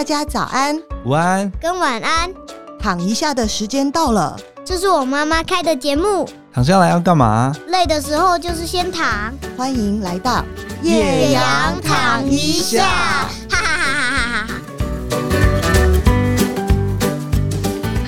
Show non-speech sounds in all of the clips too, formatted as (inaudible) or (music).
大家早安，午安，跟晚安。躺一下的時間到了，這是我媽媽開的節目。躺下來要幹嘛？累的時候就是先躺。歡迎來到葉揚躺一下，哈哈哈哈哈哈。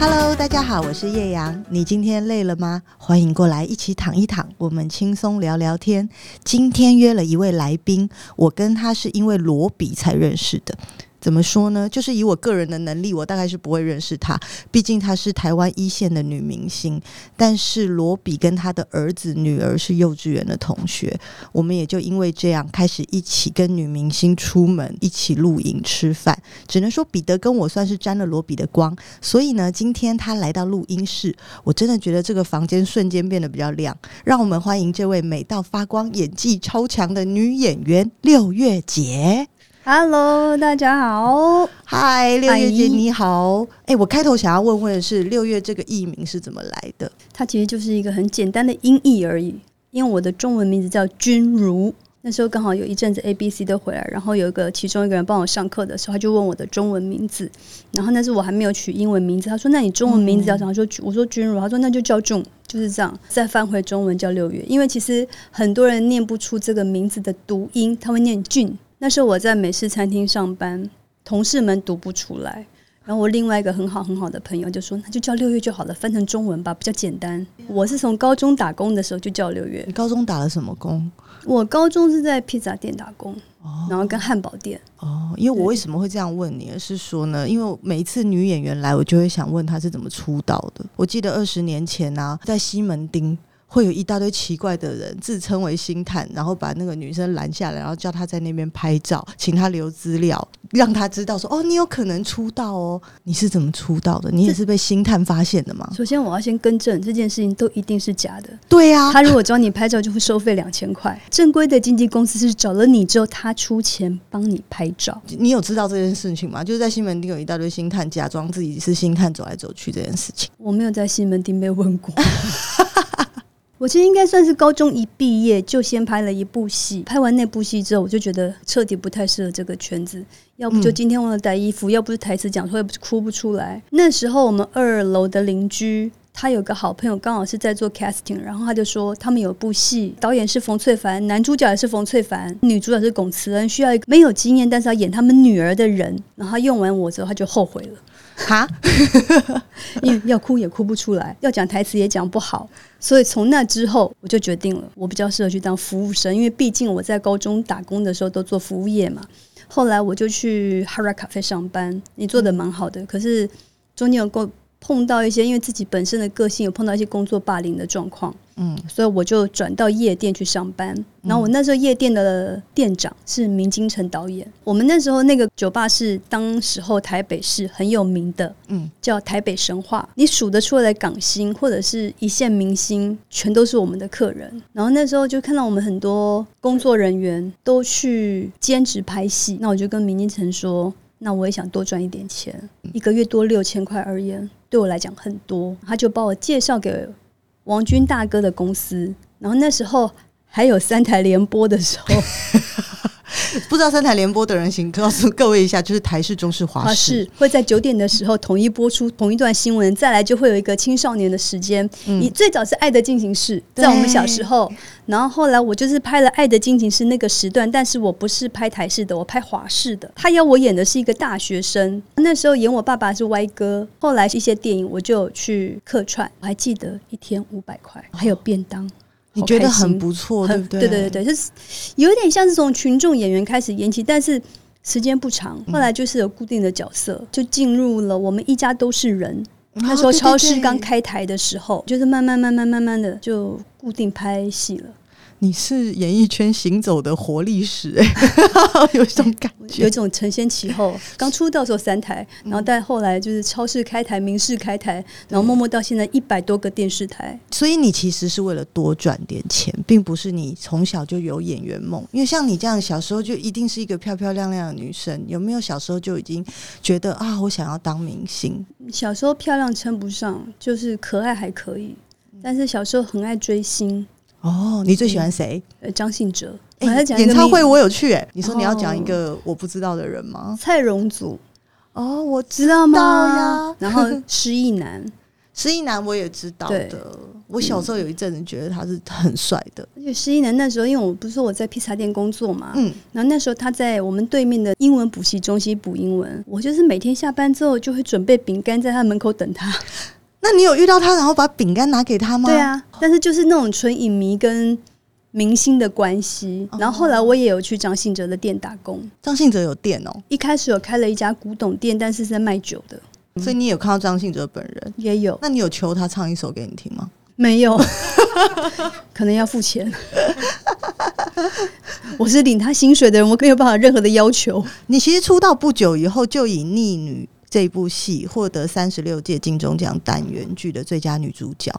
Hello，大家好，我是葉揚。你今天累了嗎？歡迎過來一起躺一躺，我們輕鬆聊聊天。今天約了一位來賓，我跟他是因為羅比才認識的。怎麼說呢？就是以我個人的能力，我大概是不會認識她，畢竟她是台灣一線的女明星。但是羅比跟他的兒子、女兒是幼稚園的同學，我們也就因為這樣開始一起跟女明星出門、一起露營、吃飯。只能說彼得跟我算是沾了羅比的光。所以呢，今天她來到錄音室，我真的覺得這個房間瞬間變得比較亮。讓我們歡迎這位美到發光、演技超強的女演員六月姐。Hello，大家好。嗨，六月姐你好。哎，我開頭想要問問的是六月這個藝名是怎麼來的？它其實就是一個很簡單的音譯而已。因為我的中文名字叫君如，那時候剛好有一陣子 ABC 都回來，然後有一個其中一個人幫我上課的時候，他就問我的中文名字，然後那時候我還沒有取英文名字，他說：“那你中文名字叫什麼？”說、嗯、我說君如，他說那就叫 June。就是這樣。再翻回中文叫六月，因為其實很多人念不出這個名字的讀音，他會念 Jun。那時候我在美式餐廳上班，同事們讀不出來。然後我另外一個很好很好的朋友就說：“那就叫六月就好了，翻成中文吧，比較簡單。”我是從高中打工的時候就叫六月。你高中打了什麼工？我高中是在披薩店打工，哦，然後跟漢堡店。哦，因為我為什麼會這樣問你？是說呢？因為每一次女演員來，我就會想問她是怎麼出道的。我記得二十年前啊，在西門町。會有一大堆奇怪的人自稱為星探，然後把那個女生攔下來，然後叫她在那邊拍照，請她留資料，讓她知道說：“哦，你有可能出道哦，你是怎麼出道的？你也是被星探發現的嗎？”首先，我要先更正，這件事情都一定是假的。對呀，他如果找你拍照，就會收費兩千塊。 (laughs) 正規的經紀公司是找了你之後，他出錢幫你拍照。你有知道這件事情嗎？就是在西門町有一大堆星探假裝自己是星探走來走去這件事情，我沒有在西門町被問過。 (laughs) 我其實應該算是高中一畢業就先拍了一部戲，拍完那部戲之後，我就覺得徹底不太適合這個圈子。要不就今天忘了帶衣服，嗯，要不是台詞講錯，要不是哭不出來。那時候我們二樓的鄰居。他有個好朋友剛好是在做 casting，然後他就說他們有部戲，導演是馮淬帆，男主角也是馮淬帆，女主角是龔慈恩，需要一個沒有經驗但是要演他們女兒的人。然後他用完我之後他就後悔了哈， (laughs) 因為要哭也哭不出來，要講台詞也講不好。所以從那之後我就決定了，我比較適合去當服務生，因為畢竟我在高中打工的時候都做服務業嘛。後來我就去哈瑞咖啡上班，你做的蠻好的，可是中間有過。碰到一些因為自己本身的個性，有碰到一些工作霸凌的狀況，嗯，所以我就轉到夜店去上班，嗯。然後我那時候夜店的店長是明金城導演。我們那時候那個酒吧是當時候台北市很有名的，嗯，叫台北神話。你數得出來，港星或者是一線明星，全都是我們的客人。然後那時候就看到我們很多工作人員都去兼職拍戲，那我就跟明金城說，那我也想多賺一點錢，嗯，一個月多六千塊而已。對我來講很多，他就把我介紹給王軍大哥的公司，然後那時候還有三台聯播的時候。 (laughs) 不知道三台聯播的人，請告訴各位一下，就是台視、中視、華視、啊、是會在九點的時候統一播出同一段新聞，再來就會有一個青少年的時間。你、嗯、最早是《愛的進行式》，在我們小時候，然後後來我就是拍了《愛的進行式》那個時段，但是我不是拍台視的，我拍華視的。他要我演的是一個大學生，那時候演我爸爸是歪哥。後來一些電影我就去客串，我還記得一天五百塊，還有便當。哦你覺得很不錯，對不對？對對對對，就是有點像是從群眾演員開始演起，但是時間不長，後來就是有固定的角色，嗯、就進入了《我們一家都是人》哦。那時候超視剛開台的時候，對對對，就是慢慢慢慢慢慢的就固定拍戲了。你是演藝圈行走的活歷史，欸,有一種感覺， (laughs) 有一種承先啟後。剛出道的時候三台，然後但後來就是超視開台、民視開台，然後默默到現在一百多個電視台。嗯、所以你其實是為了多賺點錢，並不是你從小就有演員夢。因為像你這樣，小時候就一定是一個漂漂亮亮的女生。有沒有小時候就已經覺得啊，我想要當明星？小時候漂亮稱不上，就是可愛還可以，但是小時候很愛追星。哦，你最喜歡誰、嗯？呃，張信哲。哎、欸，演唱會我有去。哎，你說你要講一個我不知道的人嗎？哦、蔡榮祖。哦，我知道，啊、知道嗎？然後施易男，施易男我也知道的。嗯、我小時候有一陣子覺得他是很帥的。而且施易男那時候，因為我不是說我在披薩店工作嘛，嗯，然後那時候他在我們對面的英文補習中心補英文，我就是每天下班之後就會準備餅乾在他門口等他。那你有遇到他，然後把餅乾拿給他嗎？對啊，但是就是那種純影迷跟明星的關係。然後後來我也有去張信哲的店打工，張信哲有店哦。一開始有開了一家古董店，但是是在賣酒的。嗯，所以你有看到張信哲本人也有。那你有求他唱一首給你聽嗎？沒有， (laughs) 可能要付錢。 (laughs) (laughs) 我是領他薪水的人，我沒有辦法有任何的要求。你其實出道不久以後就以逆女。這部戲獲得三十六屆金鐘獎單元劇的最佳女主角。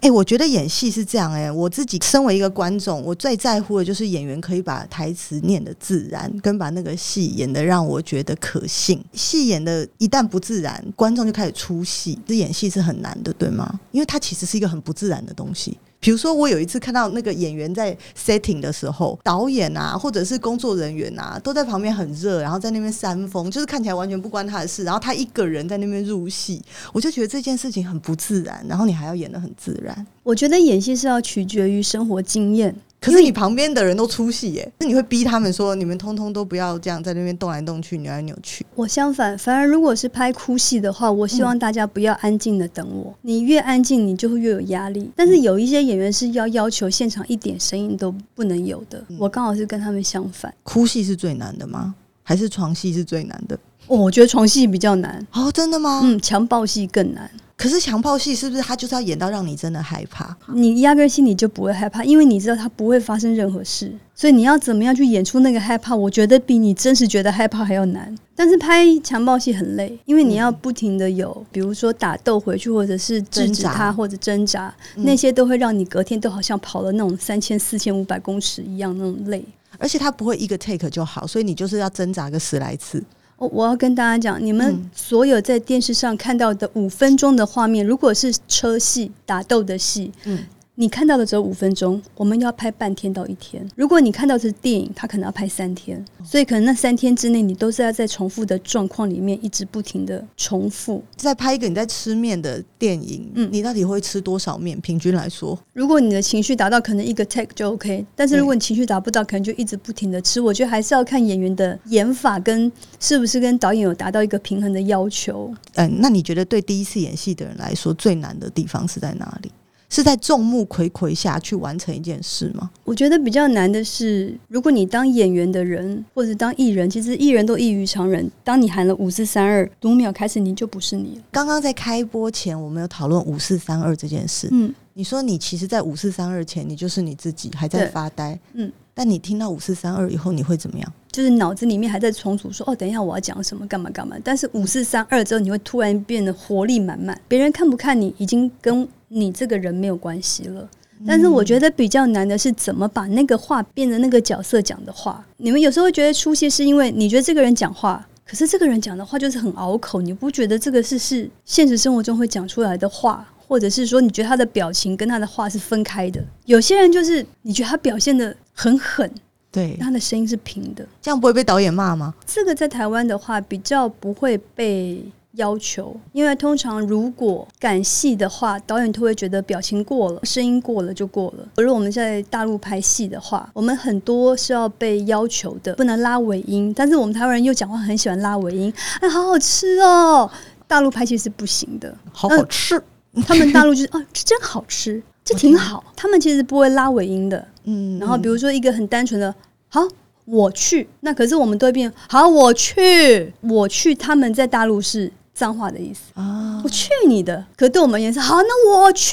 誒、欸，我覺得演戲是這樣、欸，誒，我自己身為一個觀眾，我最在乎的就是演員可以把台詞念得自然，跟把那個戲演得讓我覺得可信。戲演的一旦不自然，觀眾就開始出戲。這演戲是很難的，對嗎？因為它其實是一個很不自然的東西。比如說，我有一次看到那個演員在 setting 的時候，導演啊，或者是工作人員啊，都在旁邊很熱，然後在那邊扇風，就是看起來完全不關他的事，然後他一個人在那邊入戲，我就覺得這件事情很不自然。然後你還要演得很自然，我覺得演戲是要取決於生活經驗。可是你旁邊的人都出戲耶，那你會逼他們說，你們通通都不要這樣在那邊動來動去、扭來扭去。我相反，反而如果是拍哭戲的話，我希望大家不要安靜的等我，你越安靜，你就會越有壓力。但是有一些演員是要要求現場一點聲音都不能有的，我剛好是跟他們相反。哭戲是最難的嗎？還是床戲是最難的？哦，我覺得床戲比較難哦，真的嗎？嗯，強暴戲更難。可是強暴戲是不是他就是要演到讓你真的害怕？你壓根心裡就不會害怕，因為你知道他不會發生任何事。所以你要怎麼樣去演出那個害怕？我覺得比你真實覺得害怕還要難。但是拍強暴戲很累，因為你要不停的有，比如說打鬥回去，或者是制止他，或者掙扎，嗯，那些都會讓你隔天都好像跑了那種三千、四千、五百公尺一樣那種累。而且他不會一個 take 就好，所以你就是要掙扎個十來次。我我要跟大家講，你們所有在電視上看到的五分鐘的畫面，如果是車戲、打鬥的戲。嗯你看到的只有五分鐘，我們要拍半天到一天。如果你看到的是電影，它可能要拍三天，所以可能那三天之內，你都是要在重複的狀況裡面一直不停的重複。再拍一個你在吃麵的電影，嗯，你到底會吃多少麵？平均來說，如果你的情緒達到可能一個 take 就 OK，但是如果你情緒達不到，嗯，可能就一直不停的吃。我覺得還是要看演員的演法跟是不是跟導演有達到一個平衡的要求。嗯，那你覺得對第一次演戲的人來說最難的地方是在哪裡？是在眾目睽睽下去完成一件事嗎？我覺得比較難的是，如果你當演員的人或者當藝人，其實藝人都異於常人。當你喊了五四三二讀秒開始，你就不是你了。剛剛在開播前，我們有討論五四三二這件事。嗯，你說你其實，在五四三二前，你就是你自己，還在發呆。嗯，但你聽到五四三二以後，你會怎麼樣？就是腦子裡面還在重組說，說哦，等一下我要講什麼，幹嘛幹嘛。但是五四三二之後，你會突然變得活力滿滿。別人看不看你，已經跟你這個人沒有關係了，嗯，但是我覺得比較難的是怎麼把那個話變成那個角色講的話。你們有時候會覺得出戲，是因為你覺得這個人講話，可是這個人講的話就是很拗口，你不覺得這個是是現實生活中會講出來的話，或者是說你覺得他的表情跟他的話是分開的？有些人就是你覺得他表現得很狠，對，他的聲音是平的，這樣不會被導演罵嗎？這個在台灣的話比較不會被。要求，因為通常如果演戲的話，導演都會覺得表情過了，聲音過了就過了。而如果我們在大陸拍戲的話，我們很多是要被要求的，不能拉尾音。但是我們台灣人又講話很喜歡拉尾音，哎，好好吃哦！大陸拍戲是不行的，好好吃。呃、吃 (laughs) 他們大陸就是哦、啊，這真好吃，這挺好。他們其實不會拉尾音的，嗯。然後比如說一個很單純的，好、啊、我去，那可是我們都會變，好我去，我去。他們在大陸是。髒話的意思啊！我去你的！可對我們也是好，那我去。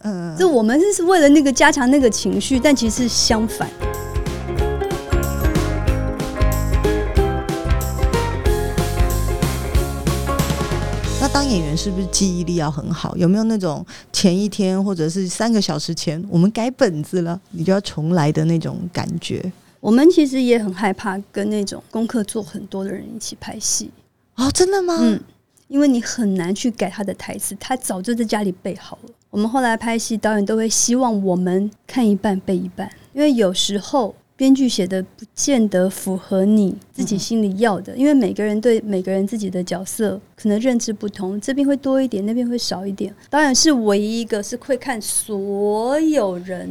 嗯，這我們是是為了那個加強那個情緒，但其實是相反。嗯。那當演員是不是記憶力要很好？有沒有那種前一天或者是三個小時前我們改本子了，你就要重來的那種感覺？我們其實也很害怕跟那種功課做很多的人一起拍戲。哦，真的嗎？嗯。因為你很難去改他的台詞，他早就在家裡背好了。我們後來拍戲，導演都會希望我們看一半背一半，因為有時候編劇寫的不見得符合你自己心裡要的。因為每個人對每個人自己的角色可能認知不同，這邊會多一點，那邊會少一點。導演是唯一一個是會看所有人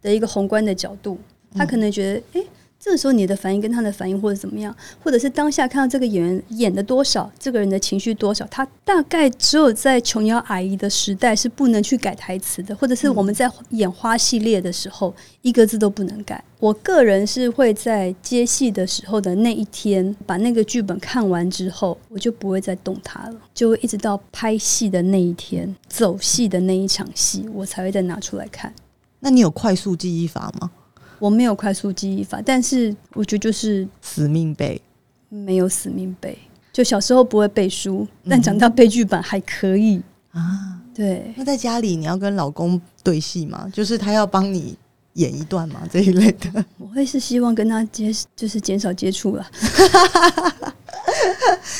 的一個宏觀的角度，他可能覺得誒。欸這個時候你的反應跟他的反應或者怎麼樣，或者是當下看到這個演員演的多少，這個人的情緒多少，他大概只有在瓊瑤阿姨的時代是不能去改台詞的，或者是我們在演花系列的時候，一個字都不能改。我個人是會在接戲的時候的那一天，把那個劇本看完之後，我就不會再動它了，就會一直到拍戲的那一天，走戲的那一場戲，我才會再拿出來看。那你有快速記憶法嗎？我沒有快速記憶法，但是我覺得就是死命背，沒有死命背。就小時候不會背書，但長大背劇本還可以、嗯、啊。對，那在家裡你要跟老公對戲嗎？就是他要幫你演一段嗎？這一類的，我會是希望跟他接，就是減少接觸了。 (laughs)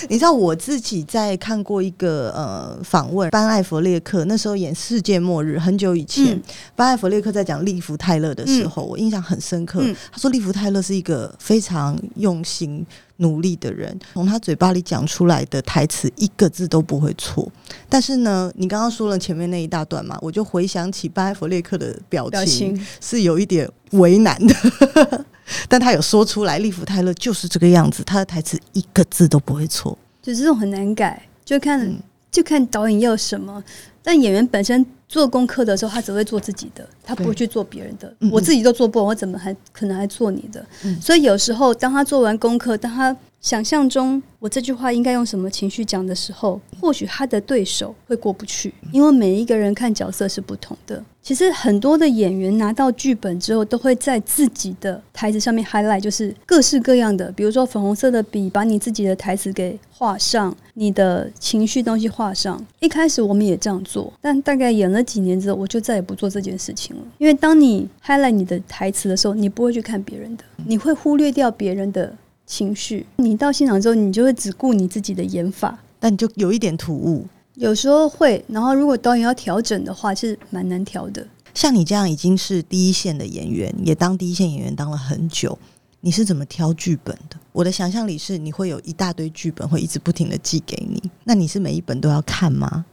你知道我自己在看過一個呃訪問班艾佛列克，那時候演世界末日很久以前，嗯、班艾佛列克在講利弗泰勒的時候、嗯，我印象很深刻。嗯、他說利弗泰勒是一個非常用心努力的人，從他嘴巴裡講出來的台詞一個字都不會錯。但是呢，你剛剛說了前面那一大段嘛，我就回想起，班艾佛列克的表情，表情是有一點為難的。 (laughs) 但他有說出來，麗芙泰勒就是這個樣子，他的台詞一個字都不會錯，就是、這種很難改，就看、嗯、就看導演要什麼，但演員本身。做功課的時候，他只會做自己的，他不會去做別人的。嗯嗯，我自己都做不完，我怎麼還可能還做你的？嗯，所以有時候當他做完功課，當他想象中我這句話應該用什麼情緒講的時候，或許他的對手會過不去，因為每一個人看角色是不同的。嗯。其實很多的演員拿到劇本之後，都會在自己的台詞上面 highlight，就是各式各樣的，比如說粉紅色的筆，把你自己的台詞給畫上，你的情緒東西畫上。一開始我們也這樣做，但大概演了。幾年之後，我就再也不做這件事情了。因為當你 highlight 你的台詞的時候，你不會去看別人的，你會忽略掉別人的情緒。你到現場之後，你就會只顧你自己的演法，但你就有一點突兀。有時候會，然後如果導演要調整的話，其實蠻難調的。像你這樣已經是第一線的演員，也當第一線演員當了很久，你是怎麼挑劇本的？我的想象裡是，你會有一大堆劇本會一直不停的寄給你，那你是每一本都要看嗎？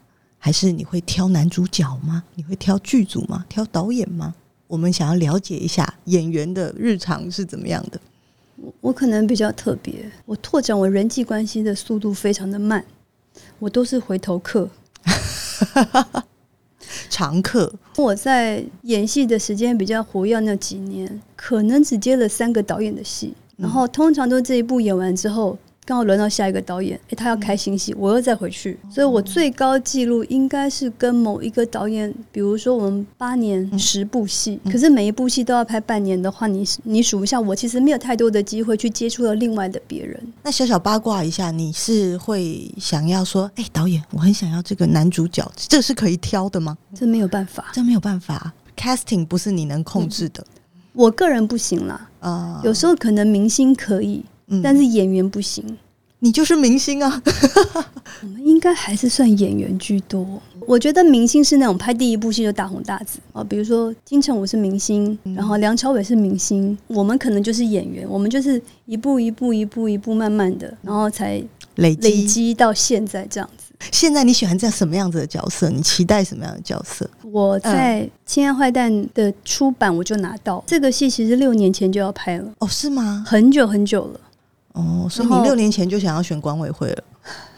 還是你會挑男主角嗎？你會挑劇組嗎？挑導演嗎？我們想要了解一下演員的日常是怎麼樣的。我我可能比較特別，我拓展我人際關係的速度非常的慢，我都是回頭客、 (laughs) 常客。我在演戲的時間比較活躍那幾年，可能只接了三個導演的戲，然後通常都這一部演完之後。剛好輪到下一個導演，哎、欸，他要開新戲，嗯，我又再回去，所以我最高紀錄應該是跟某一個導演，比如說我們八年十部戲，嗯嗯，可是每一部戲都要拍半年的話，你你數一下我，我其實沒有太多的機會去接觸了另外的別人。那小小八卦一下，你是會想要說，哎、欸，導演，我很想要這個男主角，這是可以挑的嗎？嗯、這沒有辦法，這沒有辦法，casting 不是你能控制的。我個人不行啦，啊、呃，有時候可能明星可以。但是演員不行，你就是明星啊！我們應該還是算演員居多。我覺得明星是那種拍第一部戲就大紅大紫啊，比如說金城武是明星，然後梁朝偉是明星，我們可能就是演員，我們就是一步一步一步一步慢慢的，然後才累累積到現在這樣子。現在你喜歡這樣什麼樣子的角色？你期待什麼樣的角色？我在《親愛壞蛋》的出版我就拿到這個戲，其實六年前就要拍了哦，是嗎？很久很久了。哦，所以你六年前就想要選管委會了。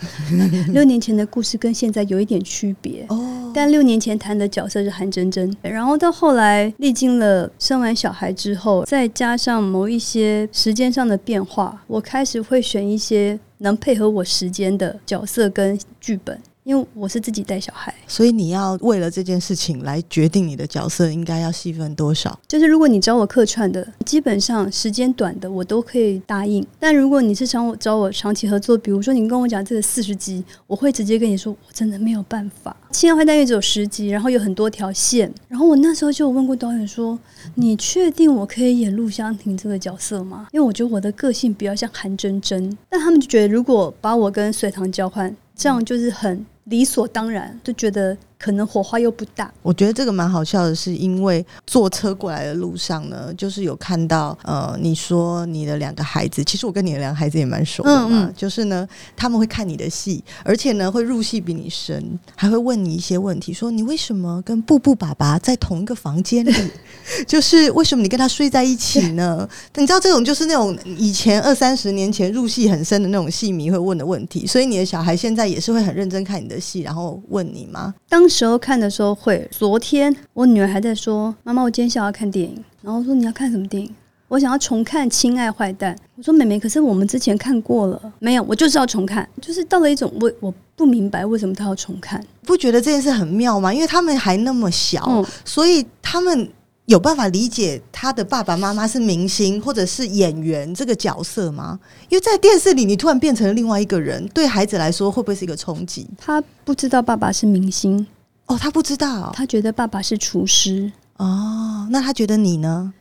(laughs) 六年前的故事跟現在有一點區別哦，但六年前談的角色是韓真真，然後到後來歷經了生完小孩之後，再加上某一些時間上的變化，我開始會選一些能配合我時間的角色跟劇本。因為我是自己帶小孩，所以你要為了這件事情來決定你的角色應該要戲份多少。就是如果你找我客串的，基本上時間短的我都可以答應；但如果你是想我找我長期合作，比如說你跟我講這個四十集，我會直接跟你說我真的沒有辦法。《現在會曼》也只有十集，然後有很多條線，然後我那時候就有問過導演說、嗯：“你確定我可以演陸湘婷這個角色嗎？”因為我覺得我的個性比較像韓真真，但他們就覺得如果把我跟隋棠交換，這樣就是很。理所當然就覺得。可能火花又不大。我覺得這個蠻好笑的，是因為坐車過來的路上呢，就是有看到呃，你說你的兩個孩子，其實我跟你的兩個孩子也蠻熟的嘛，嗯嗯。就是呢，他們會看你的戲，而且呢，會入戲比你深，還會問你一些問題，說你為什麼跟布布爸爸在同一個房間裡， (laughs) 就是為什麼你跟他睡在一起呢？ (laughs) 你知道這種就是那種以前二三十年前入戲很深的那種戲迷會問的問題，所以你的小孩現在也是會很認真看你的戲，然後問你嗎？當時候看的時候會，昨天我女兒還在說：“媽媽，我今天想要看電影。”然後說：“你要看什麼電影？”我想要重看《親愛壞蛋》。我說：“妹妹，可是我們之前看過了，沒有，我就是要重看。”就是到了一種我我不明白為什麼他要重看，嗯，不覺得這件事很妙嗎？因為他們還那麼小，所以他們有辦法理解他的爸爸媽媽是明星或者是演員這個角色嗎？因為在電視裡，你突然變成了另外一個人，對孩子來說會不會是一個衝擊？他不知道爸爸是明星。哦，他不知道、哦，他覺得爸爸是廚師哦。那他覺得你呢？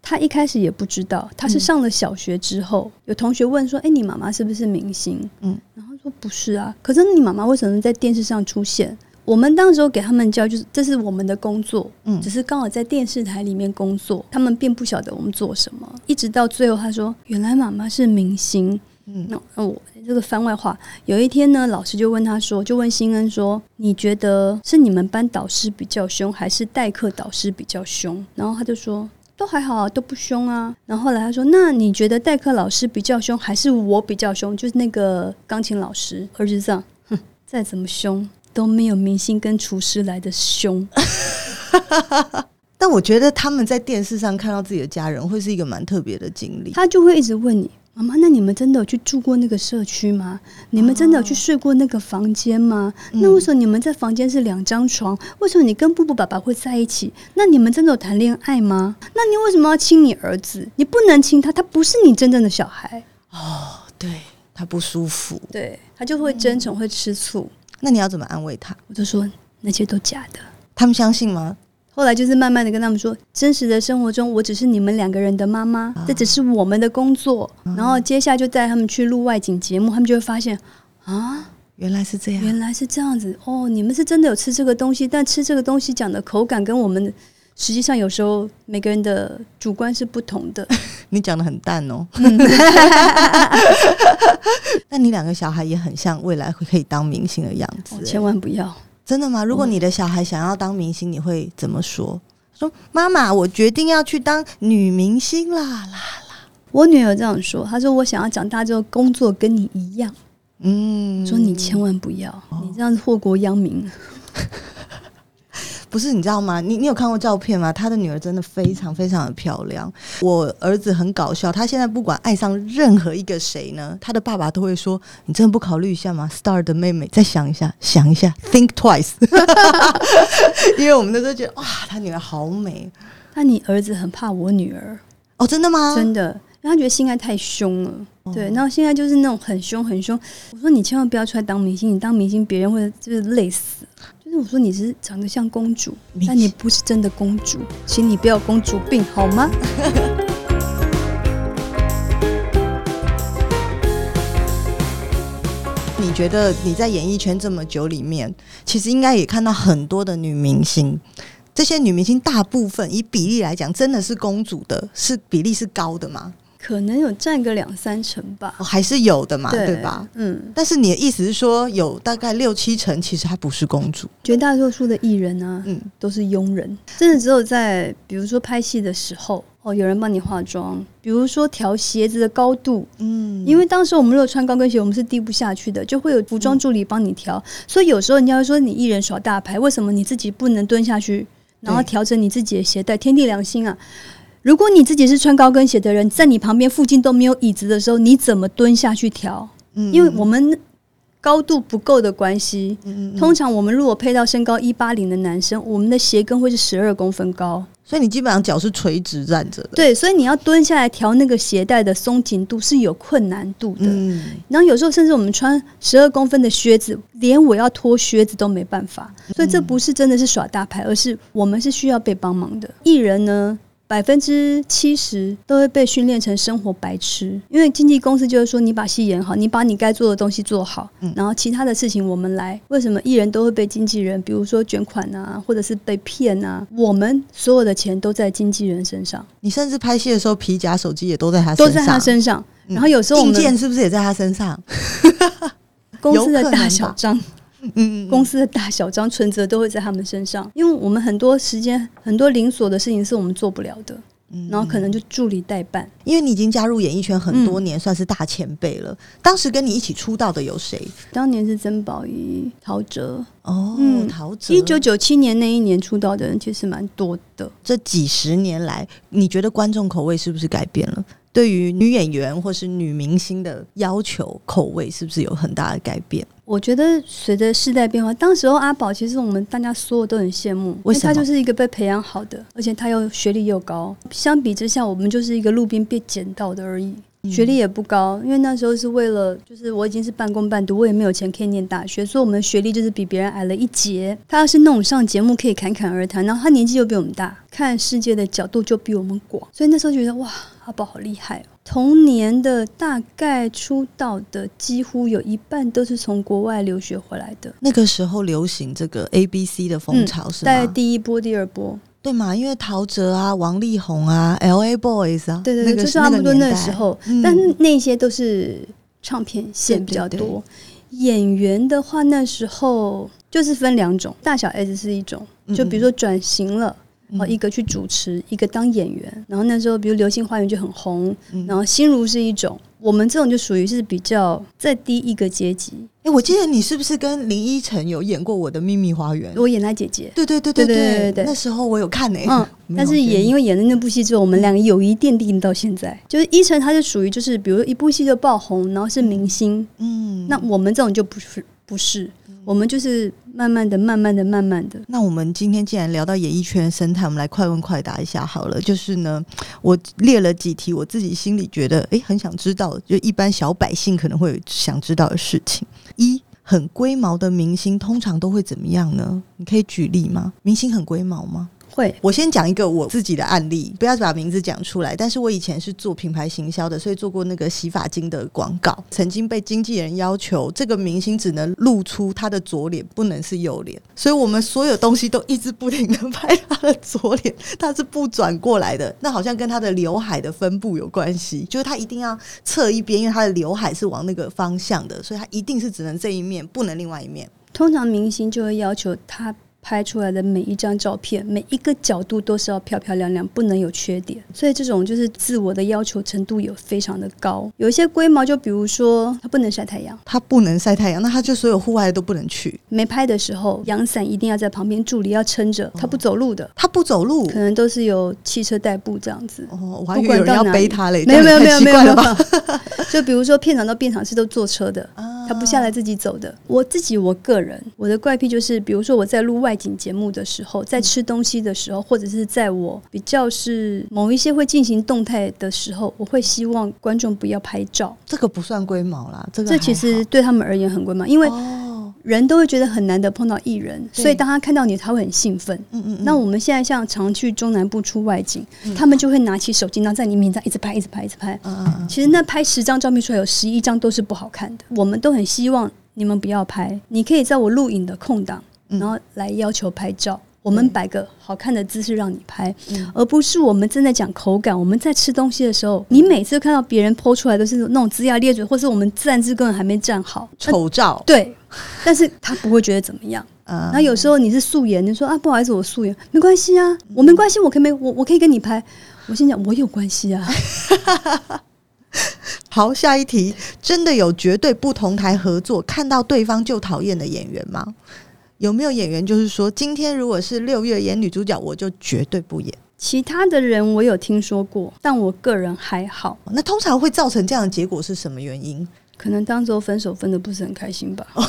他一開始也不知道，他是上了小學之後，嗯、有同學問說：“哎、欸，你媽媽是不是明星？”嗯，然後說：“不是啊。”可是你媽媽為什麼在電視上出現？我們當時給他們教，就是這是我們的工作，嗯，只是剛好在電視台裡面工作，他們並不曉得我們做什麼。一直到最後，他說：“原來媽媽是明星。”嗯 no,、哦，那那我這個番外話，有一天呢，老師就問他說，就問欣恩說，你覺得是你們班導師比較凶，還是代課導師比較凶？然後他就說都還好啊，都不凶啊。然後後來他說，那你覺得代課老師比較凶，還是我比較凶？就是那個鋼琴老師。這樣哼，再怎麼凶都沒有明星跟廚師來的凶。 (laughs) 但我覺得他們在電視上看到自己的家人，會是一個蠻特別的經歷。他就會一直問你。媽媽，那你們真的有去住過那個社區嗎？你們真的有去睡過那個房間嗎、哦？那為什麼你們在房間是兩張床、嗯？為什麼你跟布布爸爸會在一起？那你們真的有談戀愛嗎？那你為什麼要親你兒子？你不能親他，他不是你真正的小孩。哦，對，他不舒服，對，他就會爭寵、嗯，會吃醋。那你要怎麼安慰他？我就說那些都假的。他們相信嗎？後來就是慢慢的跟他們說，真實的生活中，我只是你們兩個人的媽媽、啊，這只是我們的工作。嗯、然後接下來就帶他們去錄外景節目，他們就會發現啊，原來是這樣，原來是這樣子哦。你們是真的有吃這個東西，但吃這個東西講的口感跟我們實際上有時候每個人的主觀是不同的。你講得很淡哦，但 (laughs) (laughs) (laughs) 你兩個小孩也很像未來會可以當明星的樣子，千萬不要。真的嗎？如果你的小孩想要當明星，嗯、你會怎麼說？說媽媽，我決定要去當女明星啦啦啦！我女兒這樣說，她說我想要長大之後工作跟你一樣。嗯，說你千萬不要，哦、你這樣子禍國殃民。哦 (laughs) 不是，你知道嗎？你你有看過照片嗎？他的女兒真的非常非常的漂亮。我兒子很搞笑，他現在不管愛上任何一個誰呢，他的爸爸都會說：“你真的不考慮一下嗎？”Star 的妹妹，再想一下，想一下，Think twice。 (laughs) 因為我們都覺得哇，他女兒好美。那你兒子很怕我女兒哦？真的嗎？真的。因為他覺得心愛太凶了。哦。對，然後現在就是那種很凶很凶。我說你千萬不要出來當明星，你當明星別人會就是累死。我說你是長得像公主，但你不是真的公主，請你不要公主病，好嗎？你覺得你在演藝圈這麼久裡面，其實應該也看到很多的女明星，這些女明星大部分以比例來講，真的是公主的，是比例是高的嗎？可能有佔個兩三成吧、哦，還是有的嘛。對，對吧？嗯，但是你的意思是說，有大概六七成其實還不是公主，絕大多數的藝人啊，嗯，都是傭人，真的只有在比如說拍戲的時候，哦，有人幫你化妝，比如說調鞋子的高度，嗯，因為當時我們如果穿高跟鞋，我們是低不下去的，就會有服裝助理幫你調、嗯，所以有時候人家會說你藝人耍大牌，為什麼你自己不能蹲下去，然後調整你自己的鞋帶？天地良心啊！如果你自己是穿高跟鞋的人，在你旁邊附近都沒有椅子的時候，你怎麼蹲下去調？因為我們高度不夠的關係，通常我們如果配到身高一八零的男生，我們的鞋跟會是十二公分高，所以你基本上腳是垂直站着的。對，所以你要蹲下來調那個鞋帶的鬆緊度是有困難度的。嗯，然後有時候甚至我們穿十二公分的靴子，連我要脫靴子都沒辦法，所以這不是真的是耍大牌，而是我們是需要被幫忙的。藝人呢？百分之七十都會被訓練成生活白痴，因為經紀公司就是說，你把戲演好，你把你該做的東西做好。嗯，然後其他的事情我們來。為什麼藝人都會被經紀人，比如說捲款啊，或者是被騙啊？我們所有的錢都在經紀人身上，你甚至拍戲的時候皮夾、手機也都在他身上，都在他身上。嗯、然後有時候證件是不是也在他身上？公司的大小賬。嗯，嗯，嗯，公司的大小張存折都會在他們身上，因為我們很多時間很多零瑣的事情是我們做不了的，然後可能就助理代辦。嗯嗯，因為你已經加入演藝圈很多年，嗯、算是大前輩了。當時跟你一起出道的有誰？當年是曾寶儀、陶喆哦，嗯、陶喆。一九九七年那一年出道的人其實蠻多的。這幾十年來，你覺得觀眾口味是不是改變了？對於女演員或是女明星的要求口味，是不是有很大的改變？我覺得隨着時代變化，當時候阿寶，其實我們大家所有的都很羨慕，我覺得他就是一個被培養好的，而且他又學歷又高。相比之下，我們就是一個路邊被撿到的而已。學歷也不高，因為那時候是為了，就是我已經是半工半讀，我也沒有錢可以念大學，所以我們的學歷就是比別人矮了一截。他要是那種上節目可以侃侃而談，然後他年紀又比我們大，看世界的角度就比我們廣，所以那時候覺得哇，阿寶好，好厲害童、哦、同年的大概出道的，幾乎有一半都是從國外留學回來的。那個時候流行這個 ABC 的風潮是在、嗯、第一波、第二波。對嘛？因為陶喆啊、王力宏啊、LA Boys 啊，對對對，那個、是就是差不多那時候、嗯。但那些都是唱片線比較多對對對。演員的話，那時候就是分兩種，大小 S 是一種，就比如說轉型了，哦、嗯，然後一個去主持、嗯，一個當演員。然後那時候，比如《流星花園》就很紅、嗯，然後心如是一種。我們這種就屬於是比較再低一個階級。哎，我記得你是不是跟林依晨有演過《我的秘密花園》？我演她姐姐。對對對對對，對對對對對。那時候我有看誒、欸，嗯，但是也因為演了那部戲之後，我們兩個友誼奠定到現在。嗯、就是依晨，她就屬於就是，比如一部戲就爆紅，然後是明星。嗯。嗯，那我們這種就不是不是。我們就是慢慢的、慢慢的、慢慢的。那我們今天既然聊到演藝圈生態，我們來快問快答一下好了。就是呢，我列了幾題，我自己心裡覺得，哎、欸，很想知道，就一般小百姓可能會有想知道的事情。一，很龜毛的明星通常都會怎麼樣呢？你可以舉例嗎？明星很龜毛嗎？會，我先講一個我自己的案例，不要把名字講出來。但是我以前是做品牌行銷的，所以做過那個洗髮精的廣告，曾經被經紀人要求，這個明星只能露出他的左臉，不能是右臉。所以我們所有東西都一直不停的拍他的左臉，他是不轉過來的。那好像跟他的劉海的分布有關係，就是他一定要側一邊，因為他的劉海是往那個方向的，所以他一定是只能這一面，不能另外一面。通常明星就會要求他。拍出來的每一張照片，每一個角度都是要漂漂亮亮，不能有缺點。所以這種就是自我的要求程度有非常的高。有一些龜毛，就比如說它不能曬太陽，它不能曬太陽，那它就所有戶外都不能去。沒拍的時候，陽傘一定要在旁邊助理要撐着，它不走路的，它、哦、不走路，可能都是有汽車代步這樣子。哦，我還以為有人要背它嘞？沒有沒有沒有沒有，就比如說片場到片場是都坐車的，啊他不下來自己走的。我自己，我個人，我的怪癖就是，比如說我在錄外景節目的時候，在吃東西的時候，或者是在我比較是某一些會進行動態的時候，我會希望觀眾不要拍照。這個不算龜毛啦，這個這個其實對他們而言很龜毛，因為、哦。人都會覺得很難得碰到藝人，所以當他看到你，他會很興奮。嗯嗯嗯。那我們現在像常去中南部出外景，嗯。他們就會拿起手機，然後在你面前這樣一直拍、一直拍、一直拍。嗯嗯。其實那拍十張照片出來，有十一張都是不好看的。嗯。我們都很希望你們不要拍，你可以在我錄影的空檔，然後來要求拍照。嗯。我們擺個好看的姿勢讓你拍，嗯，而不是我們正在講口感。我們在吃東西的時候，嗯、你每次看到別人 po 出來都是那種齜牙咧嘴，或是我們站姿根本還沒站好醜照啊。對，但是他不會覺得怎麼樣。那、嗯、有時候你是素顏，你說啊，不好意思，我素顏，沒關係啊，我沒關係，我可沒我我可以跟你拍。我心想，我有關係啊。 (laughs) 好，下一題，真的有絕對不同台合作，看到對方就討厭的演員嗎？有沒有演員就是說，今天如果是六月演女主角，我就絕對不演。其他的人我有聽說過，但我個人還好。那通常會造成這樣的結果是什麼原因？可能當時分手分得不是很開心吧。哦？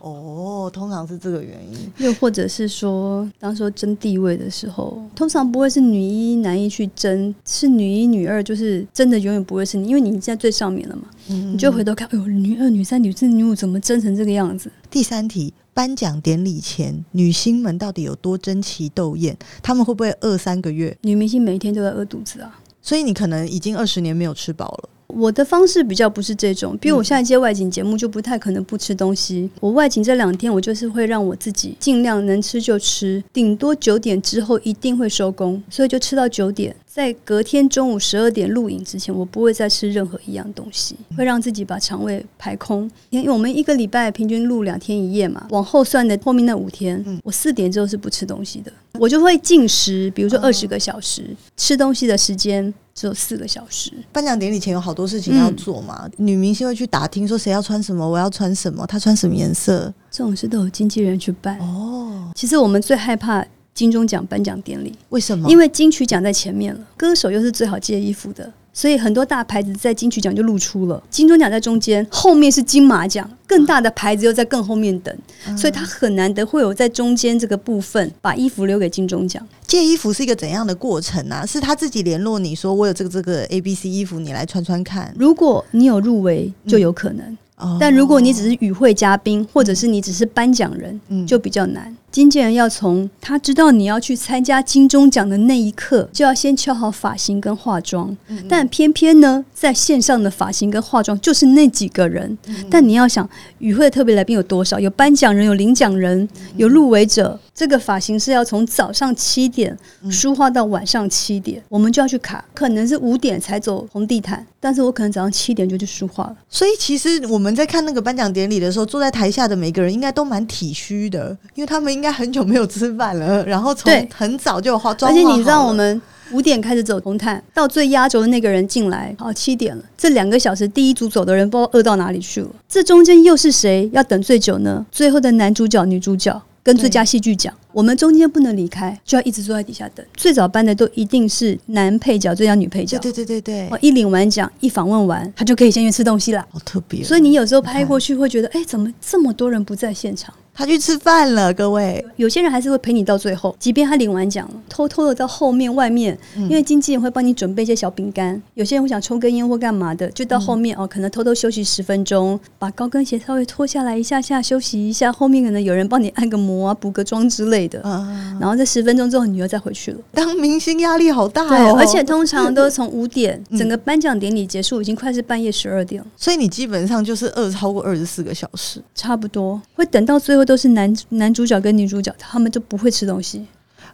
哦，通常是這個原因。 (laughs) 又或者是說，當時爭地位的時候，通常不會是女一男一去爭，是女一女二，就是真的永遠不會是你，因為你在最上面了嘛、嗯。你就回頭看，哎呦，女二、女三、女四、女五怎麼爭成這個樣子？第三題，頒獎典禮前，女星們到底有多爭奇鬥艷？她們會不會餓三個月？女明星每一天都在餓肚子啊！所以你可能已經二十年沒有吃飽了。我的方式比較不是這種，比如我現在接外景節目，就不太可能不吃東西。我外景這兩天，我就是會讓我自己盡量能吃就吃，頂多九點之後一定會收工，所以就吃到九點。在隔天中午十二點錄影之前，我不會再吃任何一樣東西，會讓自己把腸胃排空。因為我們一個禮拜平均錄兩天一夜嘛，往後算的後面那五天，嗯、我四點之後是不吃東西的，我就會進食。比如說二十個小時，哦、吃東西的時間只有四個小時。頒獎典禮前有好多事情要做嘛，嗯、女明星會去打聽說誰要穿什麼，我要穿什麼，她穿什麼顏色，這種事都有經紀人去辦。哦，其實我們最害怕。金鐘獎頒獎典禮為什麼？因為金曲獎在前面了，歌手又是最好借衣服的，所以很多大牌子在金曲獎就露出了。金鐘獎在中間，後面是金馬獎，更大的牌子又在更後面等，嗯、所以他很難得會有在中間這個部分把衣服留給金鐘獎。借衣服是一個怎樣的過程呢、啊？是他自己聯絡你說我有這個這個 A B C 衣服，你來穿穿看。如果你有入圍就有可能、嗯哦、但如果你只是與會嘉賓，或者是你只是頒獎人、嗯，就比較難。經紀人要從他知道你要去參加金鐘獎的那一刻，就要先敲好髮型跟化妝。但偏偏呢，在線上的髮型跟化妝就是那幾個人。但你要想，與會的特別來賓有多少？有頒獎人，有領獎人，有入圍者。這個髮型是要從早上七點梳化到晚上七點，我們就要去卡。可能是五點才走紅地毯，但是我可能早上七點就去梳化了。所以其實我們在看那個頒獎典禮的時候，坐在台下的每個人應該都蠻體虛的，因為他們。應該很久沒有吃飯了，然後從很早就化妝。而且你知道，我們五點開始走紅毯，到最壓軸的那個人進來，好，七點了。這兩個小時，第一組走的人不知道餓到哪裡去了。這中間又是誰要等最久呢？最後的男主角、女主角跟最佳戲劇獎，我們中間不能離開，就要一直坐在底下等。最早頒的都一定是男配角、最佳女配角。對對對對對。哦，一領完獎，一訪問完，他就可以先去吃東西了。好特別。所以你有時候拍過去會覺得，哎，怎麼這麼多人不在現場？他去吃飯了，各位。有，有些人還是會陪你到最後，即便他領完獎了，偷偷的到後面外面、嗯，因為經紀人會幫你準備一些小餅乾。有些人會想抽根菸或幹嘛的，就到後面、嗯、哦，可能偷偷休息十分鐘，把高跟鞋稍微脫下來一下下休息一下。後面可能有人幫你按個摩、啊、補個妝之類的。啊、然後在十分鐘之後，你又再回去了。當明星壓力好大哦，而且通常都從五點、嗯，整個頒獎典禮結束已經快是半夜十二點了。所以你基本上就是餓超過二十四個小時，差不多會等到最後。都是男男主角跟女主角，他們都不會吃東西，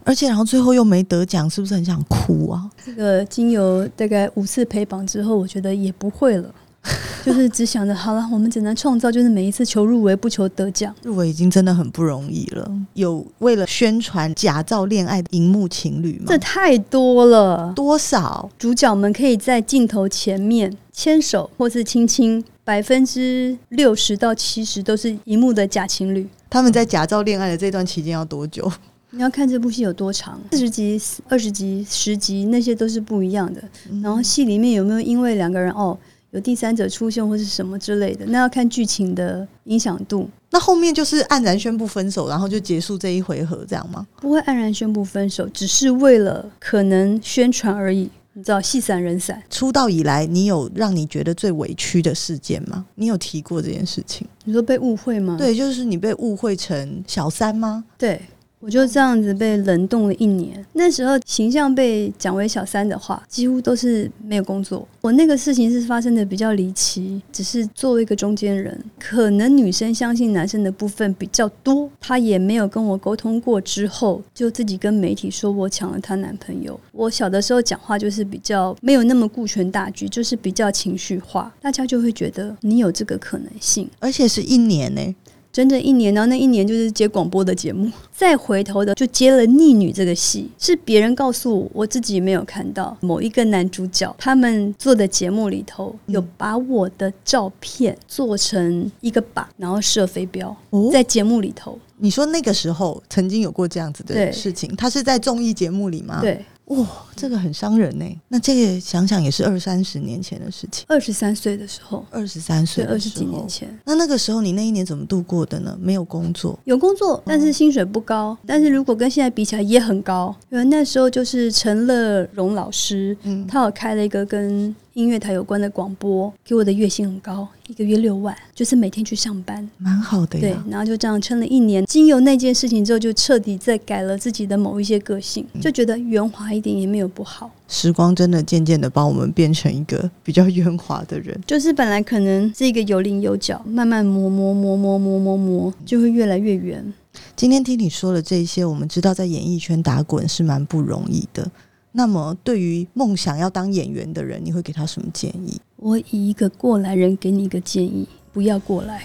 而且然後最後又沒得獎，是不是很想哭啊？這個經由大概五次陪綁之後，我覺得也不會了。 (laughs) 就是只想着好了，我們只能創造，就是每一次求入圍不求得獎，入圍已經真的很不容易了。有為了宣傳假造戀愛的熒幕情侶嗎？這太多了，多少主角們可以在鏡頭前面牽手或是親親？百分之六十到七十都是熒幕的假情侶。他們在假造戀愛的這段期間要多久？ (laughs) 你要看這部戲有多長，四十集、二十集、十集，那些都是不一樣的。嗯，然後戲裡面有沒有因為兩個人哦？有第三者出現或是什麼之類的，那要看劇情的影響度。那後面就是黯然宣布分手，然後就結束這一回合，這樣嗎？不會黯然宣布分手，只是為了可能宣傳而已。你知道，戲散人散。出道以來，你有讓你覺得最委屈的事件嗎？你有提過這件事情？你說被誤會嗎？對，就是你被誤會成小三嗎？對。我就這樣子被冷凍了一年。那時候形象被講為小三的話，幾乎都是沒有工作。我那個事情是發生的比較離奇，只是作為一個中間人。可能女生相信男生的部分比較多，她也沒有跟我溝通過，之後就自己跟媒體說我搶了她男朋友。我小的時候講話就是比較沒有那麼顧全大局，就是比較情緒化，大家就會覺得你有這個可能性，而且是一年呢。整整一年，然後那一年就是接廣播的節目，再回頭的就接了《逆女》這個戲，是別人告訴我，我自己沒有看到。某一個男主角他們做的節目裡頭，有把我的照片做成一個靶，然後射飛鏢，哦，在節目裡頭。你說那個時候曾經有過這樣子的事情，他是在綜藝節目裡嗎？對。哇、哦，這個很傷人呢。那這個想想也是二三十年前的事情。二十三歲的時候，二十三歲，二十幾年前。那那個時候，你那一年怎麼度過的呢？沒有工作，有工作，但是薪水不高。嗯、但是如果跟現在比起來，也很高。因為那時候就是陳樂融老師，嗯，他有開了一個跟。音樂台有關的廣播，給我的月薪很高，一個月六萬，就是每天去上班，蠻好的。對，然後就這樣撐了一年。經由那件事情之後，就徹底再改了自己的某一些個性，就覺得圓滑一點也沒有不好。嗯、時光真的漸漸的把我們變成一個比較圓滑的人，就是本來可能是一個有稜有角，慢慢磨磨磨磨磨磨磨磨磨，就會越來越圓。嗯、今天聽你說了這些，我們知道在演藝圈打滾是蠻不容易的。那麼，對於夢想要當演員的人，你會給他什麼建議？我以一個過來人給你一個建議：不要過來。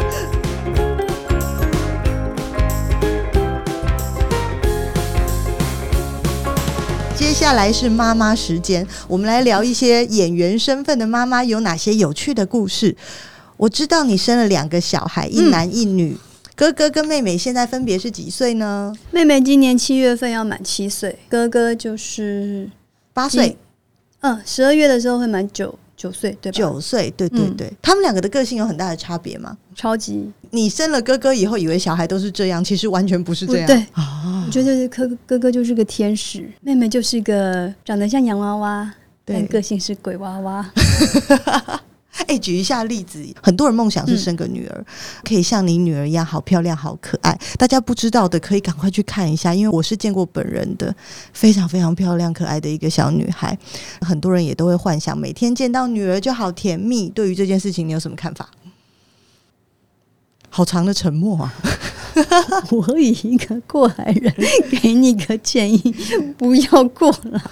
(laughs) (laughs) 接下來是媽媽時間，我們來聊一些演員身份的媽媽有哪些有趣的故事。我知道你生了兩個小孩，一男一女。嗯哥哥跟妹妹現在分別是幾歲呢？妹妹今年七月份要滿七歲，哥哥就是八歲。嗯，十二月的時候會滿九九歲，對吧？九歲，對對對，對、嗯。他們兩個的個性有很大的差別嗎？超級！你生了哥哥以後，以為小孩都是這樣，其實完全不是這樣。對啊、哦，我覺得哥哥哥哥就是個天使，妹妹就是個長得像洋娃娃，但個性是鬼娃娃。 (laughs) 哎、欸，舉一下例子，很多人夢想是生個女兒，嗯，可以像你女兒一樣好漂亮、好可愛。大家不知道的，可以趕快去看一下，因為我是見過本人的，非常非常漂亮、可愛的一個小女孩。很多人也都會幻想，每天見到女兒就好甜蜜。對於這件事情，你有什麼看法？好長的沉默啊！ (laughs) 我以一個過來人給你個建議，不要過來。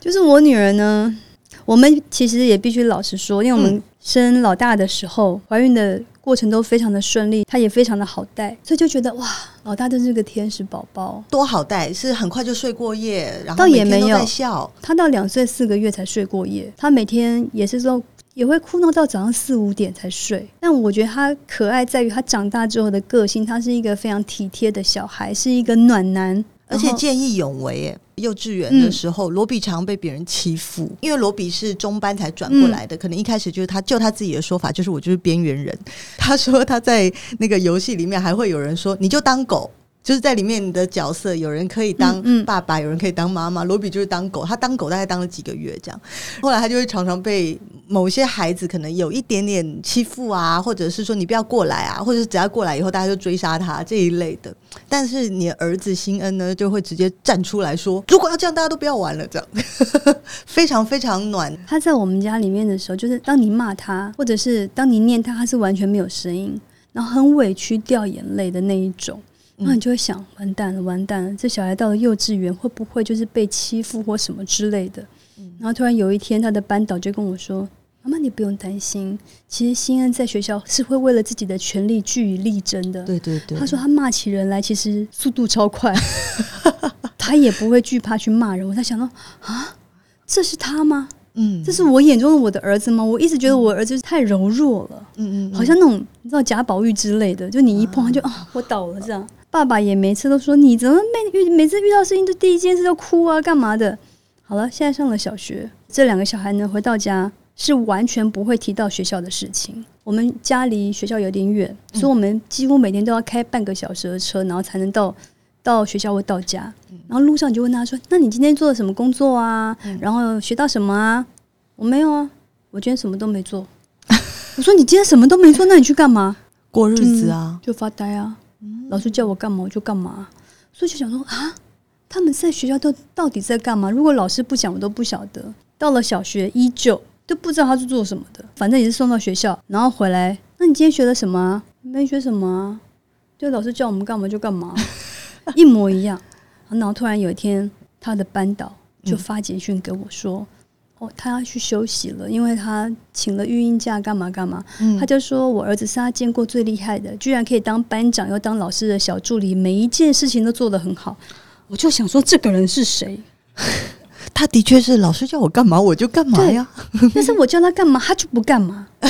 就是我女兒呢、啊。我們其實也必須老實說，因為我們生老大的時候，嗯、懷孕的過程都非常的順利，他也非常的好帶，所以就覺得哇，老大真是個天使寶寶，多好帶，是很快就睡過夜，然後每天都在笑。倒也沒有，他到兩歲四個月才睡過夜，他每天也是說也會哭鬧到早上四五點才睡。但我覺得他可愛在於他長大之後的個性，他是一個非常體貼的小孩，是一個暖男，而且見義勇為耶幼稚園的時候，羅比常被別人欺負，嗯，因為羅比是中班才轉過來的，嗯，可能一開始就是他，就他自己的說法，就是我就是邊緣人。他說他在那個遊戲裡面，還會有人說你就當狗。就是在裡面你的角色，有人可以當爸爸，嗯嗯、有人可以當媽媽。羅比就是當狗，他當狗大概當了幾個月這樣。後來他就會常常被某些孩子可能有一點點欺負啊，或者是說你不要過來啊，或者是只要過來以後大家就追殺他這一類的。但是你的兒子心恩呢，就會直接站出來說：“如果要這樣，大家都不要玩了。”這樣呵呵非常非常暖。他在我們家裡面的時候，就是當你罵他，或者是當你念他，他是完全沒有聲音，然後很委屈掉眼淚的那一種。嗯、那你就會想完蛋了，完蛋了！這小孩到了幼稚園會不會就是被欺負或什麼之類的、嗯？然後突然有一天，他的班導就跟我說：“媽媽，你不用擔心，其實欣恩在學校是會為了自己的權利據以力爭的。”對對對，他說他罵起人來其實速度超快， (laughs) 他也不會懼怕去罵人。我才想到啊，這是他嗎？嗯，這是我眼中的我的兒子嗎？我一直覺得我兒子太柔弱了，嗯嗯，好像那種你知道賈寶玉之類的，就你一碰他就啊，我倒了、啊、這樣。爸爸也每次都說：“你怎麼每遇每次遇到的事情，都第一件事就哭啊？幹嘛的？”好了，現在上了小學，這兩個小孩呢，回到家是完全不會提到學校的事情。我們家離學校有點遠，嗯，所以我們幾乎每天都要開半個小時的車，然後才能到到學校或到家。嗯、然後路上你就問他說：“那你今天做了什麼工作啊，嗯？然後學到什麼啊？”我沒有啊，我今天什麼都沒做。 (laughs) 我說：“你今天什麼都沒做，那你去幹嘛？”過日子啊，嗯、就發呆啊。老師叫我幹嘛我就幹嘛，所以就想說啊，他們在學校到到底在幹嘛？如果老師不講，我都不曉得。到了小學依舊都不知道他是做什麼的，反正也是送到學校，然後回來。那你今天學了什麼？沒學什麼啊？就老師叫我們幹嘛就幹嘛，嘛 (laughs) 一模一樣。然後突然有一天，他的班導就發簡訊給我說。嗯哦，他要去休息了，因為他請了育嬰假幹嘛幹嘛，幹嘛幹嘛。他就說：“我兒子是他見過最厲害的，居然可以當班長，又當老師的小助理，每一件事情都做得很好。”我就想說，這個人是誰？ (laughs) 他的確是老師叫我幹嘛我就幹嘛呀，但是我叫他幹嘛他就不幹嘛。 (laughs)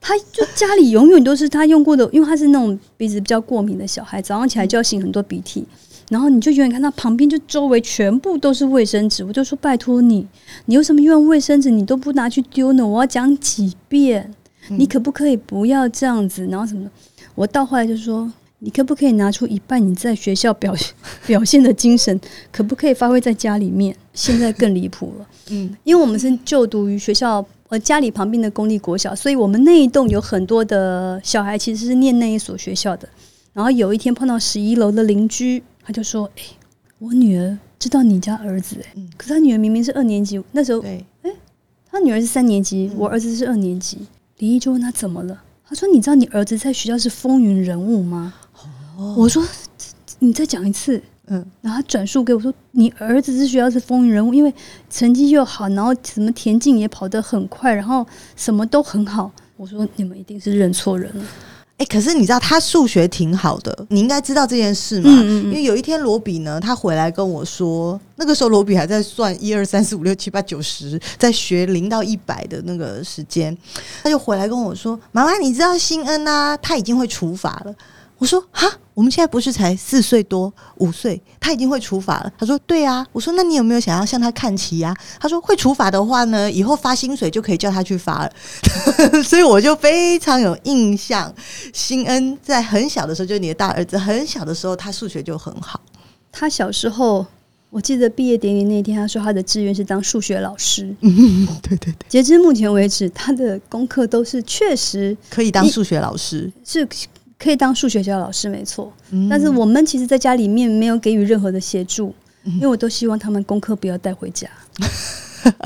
他就家裡永遠都是他用過的，因為他是那種鼻子比較過敏的小孩，早上起來就要擤很多鼻涕。然後你就遠遠看到旁邊就周圍全部都是衛生紙，我就說拜托你，你為什麼用衛生紙你都不拿去丟呢？我要講幾遍，你可不可以不要這樣子？然後什麼？我到後來就說，你可不可以拿出一半你在學校表現表現的精神，可不可以發揮在家裡面？現在更離譜了，嗯，因為我們是就讀於學校，呃，家裡旁邊的公立國小，所以我們那一棟有很多的小孩其實是念那一所學校的。然後有一天碰到十一樓的鄰居。他就說：“哎、欸，我女兒知道你家兒子哎、嗯，可是他女兒明明是二年級那時候，哎、欸，他女兒是三年級，嗯、我兒子是二年級。”林毅就問他怎麼了，他說：“你知道你兒子在學校是風雲人物嗎、哦？”我說：“你再講一次。”嗯，然後他轉述給我說：“你兒子是學校是風雲人物，因為成績又好，然後什麼田徑也跑得很快，然後什麼都很好。”我說：“你們一定是認錯人了。嗯”哎、欸，可是你知道他數學挺好的，你應該知道這件事嘛。嗯嗯嗯，因為有一天羅比呢，他回來跟我說，那個時候羅比還在算一二三四五六七八九十，在學零到一百的那個時間，他就回來跟我說：“媽媽，你知道辛恩啊，他已經會除法了。”我說：“哈。”我們現在不是才四歲多五歲，他已經會除法了。他說：“對啊。”我說：“那你有沒有想要向他看齊呀、啊？”他說：“會除法的話呢，以後發薪水就可以叫他去發了。 (laughs) ”所以我就非常有印象，新恩在很小的時候，就是你的大兒子，很小的時候他數學就很好。他小時候，我記得畢業典禮那天，他說他的志願是當數學老師。嗯，對對對。截至目前為止，他的功課都是確實可以當數學老師。是。可以當數學小老師沒錯，嗯、但是我們其實在家裡面沒有給予任何的協助，嗯、因為我都希望他們功課不要帶回家， (laughs) (laughs)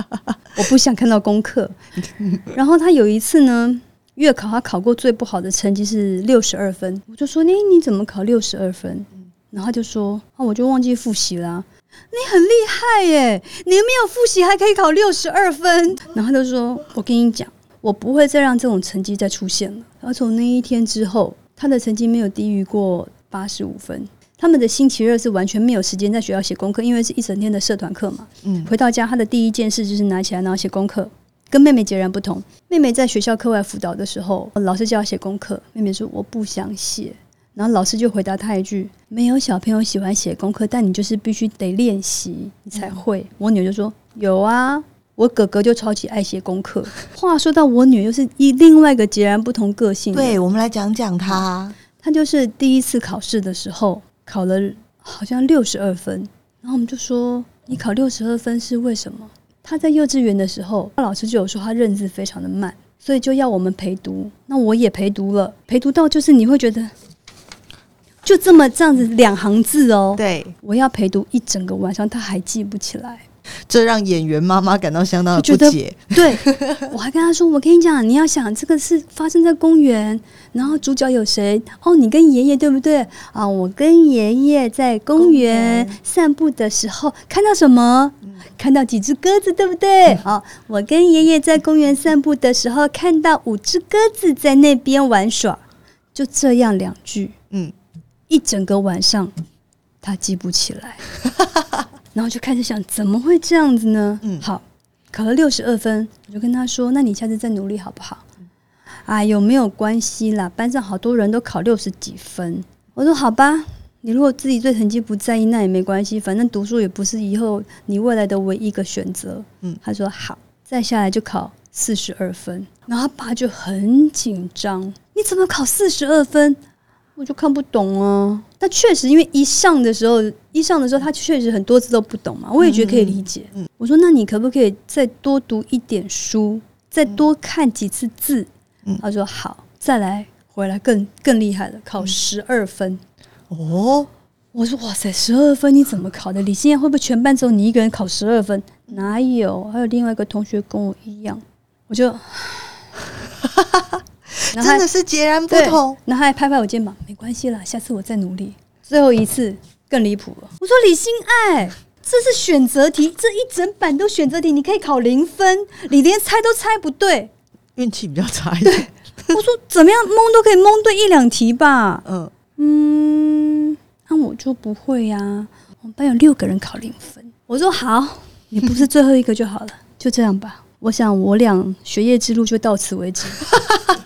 我不想看到功課。 (laughs) 然後他有一次呢，月考他考過最不好的成績是六十二分，我就說：“你，你怎麼考六十二分？”然後他就說：“我就忘記複習啦。”你很厲害耶，你又沒有複習還可以考六十二分。然後他就說：“我跟你講，我不會再讓這種成績再出現了。”然後從那一天之後。他的成績沒有低於過八十五分。他們的星期二是完全沒有時間在學校寫功課，因為是一整天的社團課嘛。嗯，回到家，他的第一件事就是拿起來然後寫功課，跟妹妹截然不同。妹妹在學校課外輔導的時候，老師叫她寫功課，妹妹說我不想寫，然後老師就回答她一句，沒有小朋友喜歡寫功課，但你就是必須得練習你才會。嗯，我女兒就說有啊。我哥哥就超級愛寫功課。話說到我女兒，又是以另外一個截然不同個性。對，我們來講講她。她就是第一次考試的時候，考了好像六十二分。然後我們就說：“你考六十二分是為什麼？”她在幼稚園的時候，她老師就有說她認字非常的慢，所以就要我們陪讀。那我也陪讀了，陪讀到就是你會覺得，就這麼這樣子兩行字哦。對，我要陪讀一整個晚上，他還記不起來。這讓演員媽媽感到相當的不解。對，我還跟他說：“我跟你講，你要想這個事發生在公園，然後主角有誰？哦，你跟爺爺對不對？啊，我跟爺爺在公園散步的時候看到什麼？看到幾隻鴿子對不對？啊，我跟爺爺在公園散步的時候看到五隻鴿子在那邊玩耍。就這樣兩句，嗯，一整個晚上他記不起來。 (laughs) ”然後就開始想，怎麼會這樣子呢？嗯，好，考了六十二分，我就跟他說：“那你下次再努力好不好？”啊、嗯哎，有沒有關係啦？班上好多人都考六十幾分，我說：“好吧，你如果自己對成績不在意，那也沒關係，反正讀書也不是以後你未來的唯一一個選擇。”嗯，他說：“好。”再下來就考四十二分，然後他爸就很緊張：“你怎麼考四十二分？”我就看不懂啊！但確實，因為一上的時候，一上的時候，他確實很多字都不懂嘛。我也覺得可以理解、嗯嗯。我說，那你可不可以再多讀一點書，再多看幾次字？嗯，他說好，再來回來更更厲害了，考十二分。哦、嗯，我說哇塞，十二分你怎麼考的哩？現在會不會全班只有你一個人考十二分？哪有？還有另外一個同學跟我一樣，我就哈哈哈。 (laughs) 真的是截然不同。然後還拍拍我肩膀，沒關係啦，下次我再努力。最後一次更離譜了。我說李心愛，這是選擇題，這一整版都選擇題，你可以考零分，你連猜都猜不對，運氣比較差一點。我說怎麼樣，蒙都可以蒙對一兩題吧。嗯、呃、嗯，那我就不會呀、啊。我們班有六個人考零分。我說好，你不是最後一個就好了， (laughs) 就這樣吧。我想我倆學業之路就到此為止，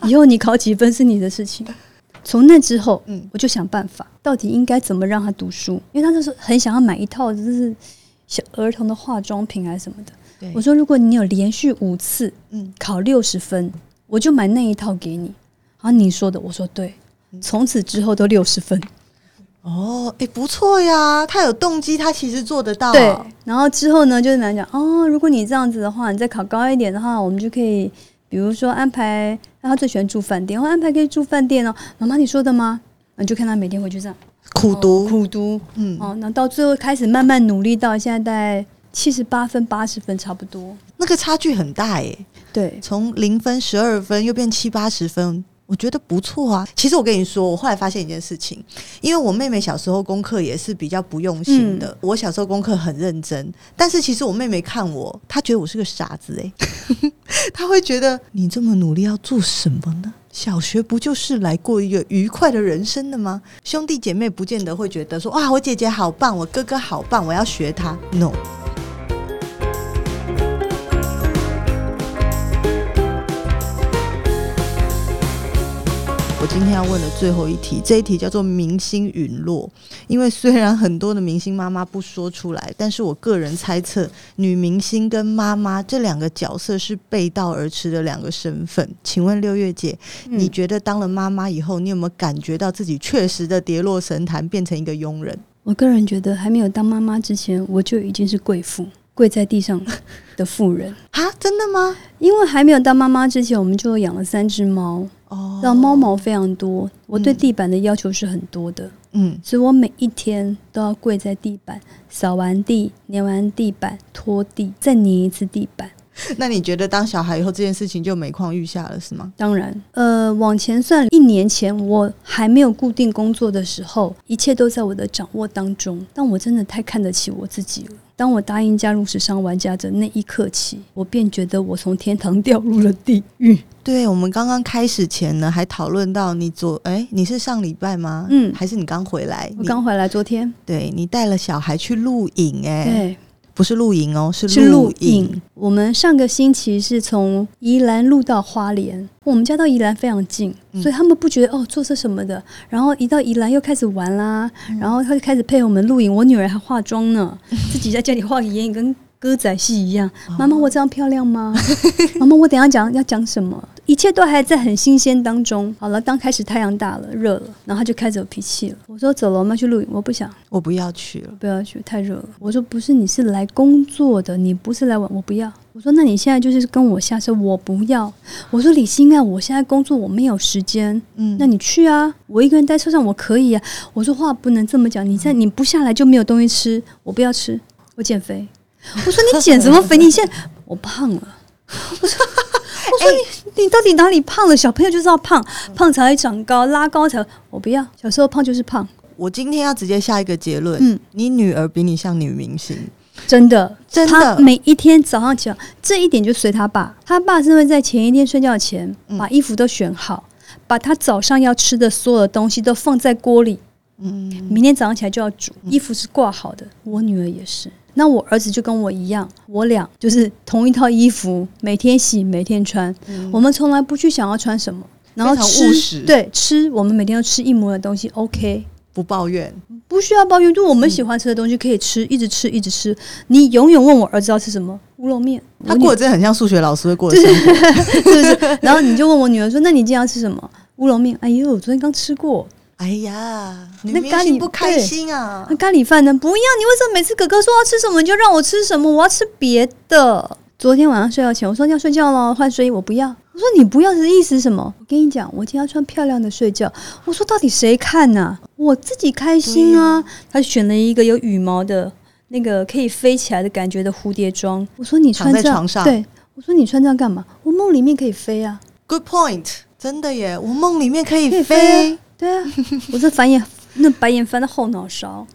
以後你考幾分是你的事情。從那之後，嗯，我就想辦法，到底應該怎麼讓他讀書？因為他就是很想要買一套就是小兒童的化妝品啊什麼的。我說，如果你有連續五次，嗯，考六十分，我就買那一套給你。然後你說的，我說對，從此之後都六十分。哦，哎、欸，不錯呀，他有動機，他其實做得到。對，然後之後呢，就是男人講哦，如果你這樣子的話，你再考高一點的話，我們就可以，比如說安排他最喜歡住飯店，我安排可以住飯店哦。媽媽，你說的嗎？啊，就看他每天回去這樣苦讀，苦讀，嗯，哦，那到最後開始慢慢努力，到現在大概七十八分、八十分差不多。那個差距很大耶、欸。對，從零分、十二分又變七八十分。我覺得不錯啊。其實我跟你說，我後來發現一件事情，因為我妹妹小時候功課也是比較不用心的。嗯、我小時候功課很認真，但是其實我妹妹看我，她覺得我是個傻子哎、欸， (laughs) 她會覺得你這麼努力要做什麼呢？小學不就是來過一個愉快的人生的嗎？兄弟姐妹不見得會覺得說哇，我姐姐好棒，我哥哥好棒，我要學他。No。我今天要問的最後一題，這一題叫做“明星隕落”。因為雖然很多的明星媽媽不說出來，但是我個人猜測，女明星跟媽媽這兩個角色是背道而馳的兩個身份。請問六月姐，嗯、你覺得當了媽媽以後，你有沒有感覺到自己確實的跌落神壇，變成一個傭人？我個人覺得，還沒有當媽媽之前，我就已經是貴婦，跪在地上的婦人。哈，真的嗎？因為還沒有當媽媽之前，我們就養了三隻貓。讓、oh, 貓毛非常多，我對地板的要求是很多的，嗯，所以我每一天都要跪在地板掃完地、粘完地板、拖地，再粘一次地板。 (laughs) 那你覺得當小孩以後這件事情就每況愈下了是嗎？當然，呃，往前算一年前，我還沒有固定工作的時候，一切都在我的掌握當中，但我真的太看得起我自己了。當我答應加入時尚玩家的那一刻起，我便覺得我從天堂掉入了地獄。對我們剛剛開始前呢，還討論到你昨哎、欸，你是上禮拜嗎？嗯，還是你剛回來？我剛回來，昨天。對，你帶了小孩去錄影哎、欸。對。不是露營哦，是露是露營。我們上個星期是從宜蘭錄到花蓮，我們家到宜蘭非常近，所以他們不覺得哦坐車什麼的。然後一到宜蘭又開始玩啦、嗯，然後他就開始配合我們錄影。我女兒還化妝呢、嗯，自己在家裡畫眼影跟。歌仔戲一樣、哦，媽媽，我這樣漂亮嗎？ (laughs) 媽媽，我等一下講要講什麼？一切都還在很新鮮當中。好了，剛開始太陽大了，熱了，然後他就開始有脾氣了。我說走了：“我們要去錄影，我不想，我不要去了，不要去，太熱了。”我說：“不是，你是來工作的，你不是來玩，我不要。”我說：“那你現在就是跟我下車，我不要。”我說：“李欣啊，我現在工作，我沒有時間。嗯，那你去啊，我一個人在車上我可以啊。”我說：“話不能這麼講，你在，你不下來就沒有東西吃，我不要吃，我減肥。”我說你減什麼肥？ (laughs) 你現在我胖了。我說我說你、欸、你到底哪裡胖了？小朋友就知道胖，胖才會長高，拉高才。我不要小時候胖就是胖。我今天要直接下一個結論：嗯，你女兒比你像女明星，真的真的。他每一天早上起來，這一點就隨他爸。他爸是會在前一天睡覺前把衣服都選好，把他早上要吃的所有的東西都放在鍋裡。嗯，明天早上起來就要煮。衣服是掛好的。我女兒也是。那我兒子就跟我一樣，我倆就是同一套衣服，每天洗，每天穿。嗯、我們從來不去想要穿什麼，然後吃對吃，我們每天要吃一模一樣的東西。OK，不抱怨，不需要抱怨，就我們喜歡吃的東西可以吃，一直吃，一直吃。你永遠問我兒子要吃什麼烏龍麵，他過得真的很像數學老師會過的生活， (laughs) 是不是？然後你就問我女兒說：“那你今天要吃什麼烏龍麵？”哎呦，我昨天剛吃過。哎呀、啊，那咖喱不開心啊！那咖喱飯呢？不要！你為什麼每次哥哥說要吃什麼，你就讓我吃什麼？我要吃別的。昨天晚上睡覺前，我說你要睡覺了，換睡衣，我不要。我說你不要的意思是什麼？我跟你講，我今天要穿漂亮的睡覺。我說到底誰看呢、啊？我自己開心啊！他選了一個有羽毛的那個可以飛起來的感覺的蝴蝶裝。我說你穿在床上，對，我說你穿這樣幹嘛？我夢裡面可以飛啊！Good point，真的耶！我夢裡面可以飛。對啊，我這翻眼，那白眼翻到後腦勺。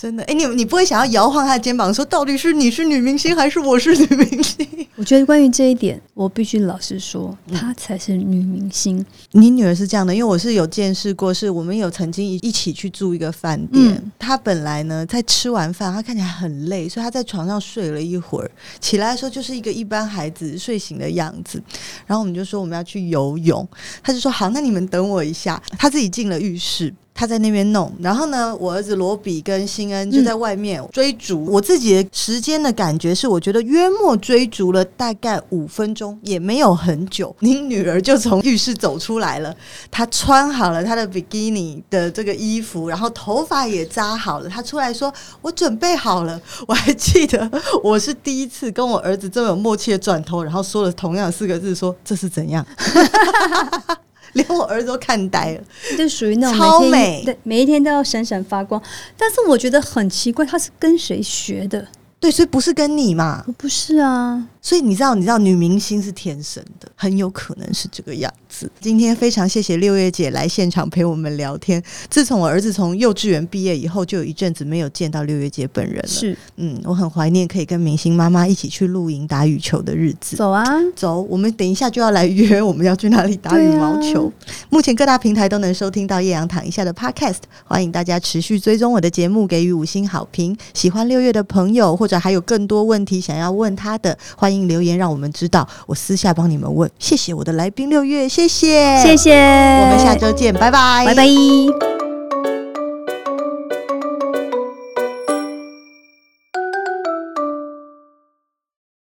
真的，哎、欸，你你不會想要搖晃他的肩膀，說到底是你是女明星還是我是女明星？我覺得關於這一點，我必須老實說，她才是女明星，嗯。你女兒是這樣的，因為我是有見識過，是我們有曾經一起去住一個飯店。她，嗯、本來呢，在吃完飯，她看起來很累，所以她在床上睡了一會兒，起來的時候就是一個一般孩子睡醒的樣子。然後我們就說我們要去游泳，他就說好，那你們等我一下，他自己進了浴室。他在那邊弄，然後呢，我兒子羅比跟新恩就在外面、嗯、追逐。我自己的時間的感覺是，我覺得約莫追逐了大概五分鐘，也沒有很久。您女兒就從浴室走出來了，她穿好了她的比基尼的這個衣服，然後頭髮也扎好了。她出來說：“我準備好了。”我還記得我是第一次跟我兒子這麼有默契的轉頭，然後說了同樣四個字：“說，這是怎樣。 (laughs) ” (laughs) 連我兒子都看呆了，就屬於那種超美，對，每一天都要閃閃發光。但是我覺得很奇怪，他是跟誰學的？對，所以不是跟你嘛？不是啊。所以你知道，你知道，女明星是天生的，很有可能是這個樣子。今天非常謝謝六月姐來現場陪我們聊天。自從我兒子從幼稚園畢業以後，就有一陣子沒有見到六月姐本人了。是，嗯，我很懷念可以跟明星媽媽一起去露營、打羽球的日子。走啊，走！我們等一下就要來約，我們要去哪裡打羽毛球？啊、目前各大平台都能收聽到葉揚躺一下的 Podcast，歡迎大家持續追蹤我的節目，給予五星好評。喜歡六月的朋友或者還有更多問題想要問他的，歡迎留言讓我們知道，我私下幫你們問。謝謝我的來賓六月，謝謝謝謝，我們下周見，拜拜，拜拜。